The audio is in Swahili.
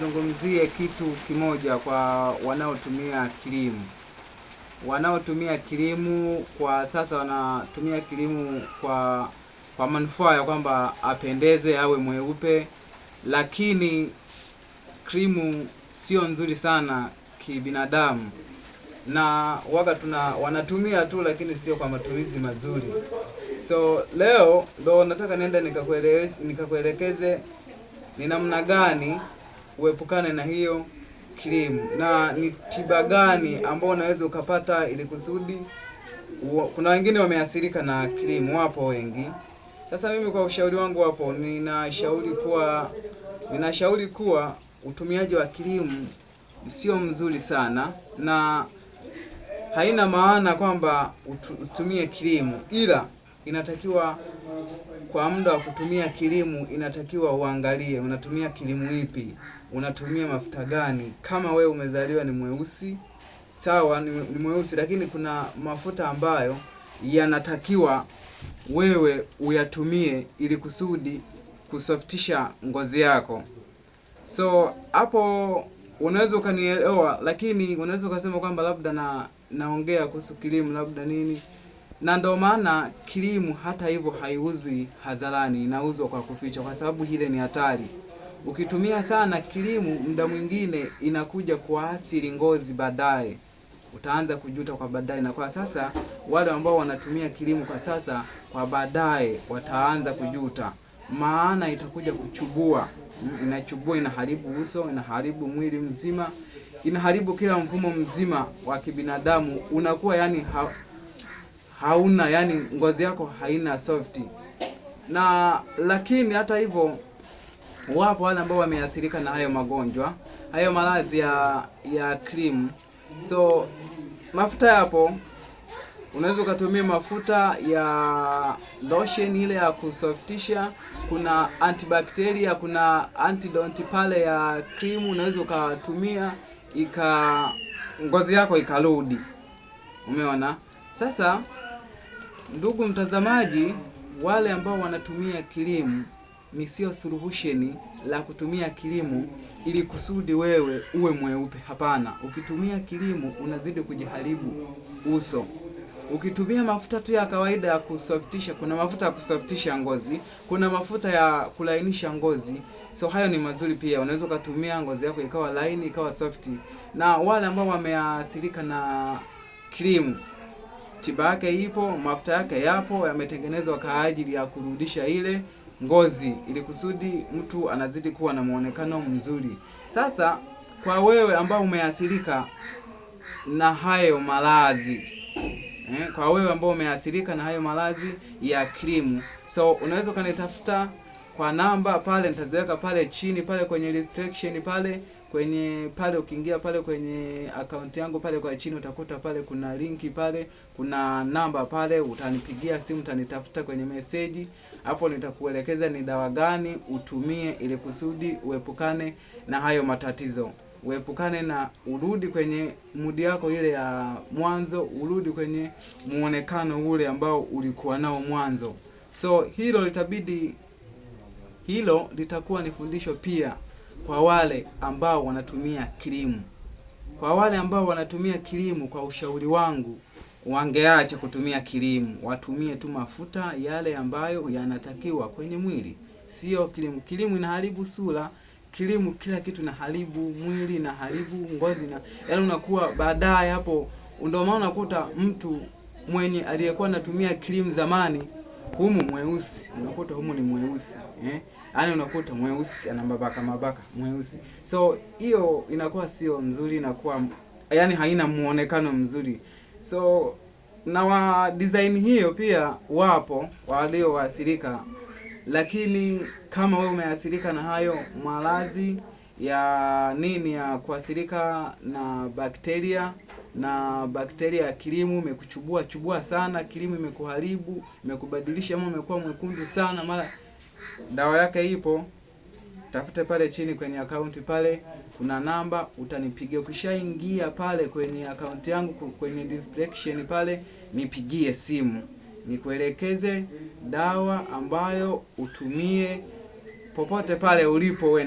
Zungumzie kitu kimoja kwa wanaotumia kilimu Wanaotumia kilimu kwa sasa wanatumia kilimu kwa kwa manufaa ya kwamba apendeze, awe mweupe, lakini krimu sio nzuri sana kibinadamu, na waga tuna wanatumia tu, lakini sio kwa matumizi mazuri. So leo ndo nataka nenda nikakuelekeze ni namna gani uepukane na hiyo kilimu. Na ni tiba gani ambayo unaweza ukapata ili kusudi? Kuna wengine wameathirika na kilimu, wapo wengi. Sasa mimi kwa ushauri wangu wapo, ninashauri kuwa ninashauri kuwa utumiaji wa kilimu sio mzuri sana, na haina maana kwamba utumie kilimu ila inatakiwa kwa muda wa kutumia kilimu, inatakiwa uangalie unatumia kilimu ipi, unatumia mafuta gani. Kama we umezaliwa ni mweusi sawa, ni, ni mweusi, lakini kuna mafuta ambayo yanatakiwa wewe uyatumie ili kusudi kusoftisha ngozi yako. So hapo unaweza ukanielewa, lakini unaweza ukasema kwamba labda na naongea kuhusu kilimu labda nini na ndio maana kilimu hata hivyo haiuzwi hadharani, inauzwa kwa kuficha, kwa sababu hile ni hatari. Ukitumia sana kilimu, muda mwingine inakuja kuathiri ngozi baadaye, utaanza kujuta kwa baadaye. Na kwa sasa wale ambao wanatumia kilimu kwa sasa, kwa baadaye wataanza kujuta, maana itakuja kuchubua. Inachubua, inaharibu uso, inaharibu mwili mzima, inaharibu kila mfumo mzima wa kibinadamu, unakuwa yani ha hauna yani, ngozi yako haina soft. Na lakini hata hivyo, wapo wale ambao wameathirika na hayo magonjwa, hayo maradhi ya ya cream. So mafuta yapo, unaweza ukatumia mafuta ya lotion ile ya kusoftisha. Kuna antibacteria, kuna antidont pale ya cream, unaweza ukatumia ika ngozi yako ikarudi. Umeona sasa Ndugu mtazamaji, wale ambao wanatumia kilimu ni sio suluhusheni la kutumia kilimu ili kusudi wewe uwe mweupe. Hapana, ukitumia kilimu unazidi kujiharibu uso. Ukitumia mafuta tu ya kawaida ya kusoftisha, kuna mafuta ya kusoftisha ngozi, kuna mafuta ya kulainisha ngozi, so hayo ni mazuri pia. Unaweza ukatumia ngozi yako ikawa laini, ikawa softi. Na wale ambao wameathirika na kilimu tiba yake ipo, mafuta yake yapo, yametengenezwa kwa ajili ya kurudisha ile ngozi ili kusudi mtu anazidi kuwa na muonekano mzuri. Sasa kwa wewe ambao umeathirika na hayo maradhi eh, kwa wewe ambao umeathirika na hayo maradhi ya krimu, so unaweza ukanitafuta kwa namba pale, nitaziweka pale chini pale kwenye description pale kwenye pale, ukiingia pale kwenye akaunti yangu pale kwa chini utakuta pale kuna linki pale, kuna namba pale, utanipigia simu, utanitafuta kwenye meseji hapo, nitakuelekeza ni dawa gani utumie ili kusudi uepukane na hayo matatizo, uepukane na urudi kwenye mudi yako ile ya mwanzo, urudi kwenye muonekano ule ambao ulikuwa nao mwanzo. So hilo litabidi, hilo litakuwa ni fundisho pia kwa wale ambao wanatumia kilimo. Kwa wale ambao wanatumia kilimo, kwa ushauri wangu, wangeacha kutumia kilimo, watumie tu mafuta yale ambayo yanatakiwa kwenye mwili, sio kilimo. Kilimo inaharibu sura, kilimo kila kitu inaharibu mwili, na haribu ngozi na yaani, unakuwa baadaye hapo. Ndio maana unakuta mtu mwenye aliyekuwa anatumia kilimu zamani, humu mweusi, unakuta humu ni mweusi eh? yaani unakuta mweusi ana mabaka mabaka mweusi, so hiyo inakuwa sio nzuri, inakuwa yani haina muonekano mzuri so na wa design hiyo pia wapo walioathirika, lakini kama wewe umeathirika na hayo malazi ya nini ya kuathirika na bakteria na bakteria ya kilimu imekuchubua chubua sana, kilimu imekuharibu, imekubadilisha ama umekuwa mwekundu sana mara dawa yake ipo, tafute pale chini kwenye akaunti pale, kuna namba utanipigia. Ukishaingia pale kwenye akaunti yangu kwenye description pale, nipigie simu nikuelekeze dawa ambayo utumie popote pale ulipo.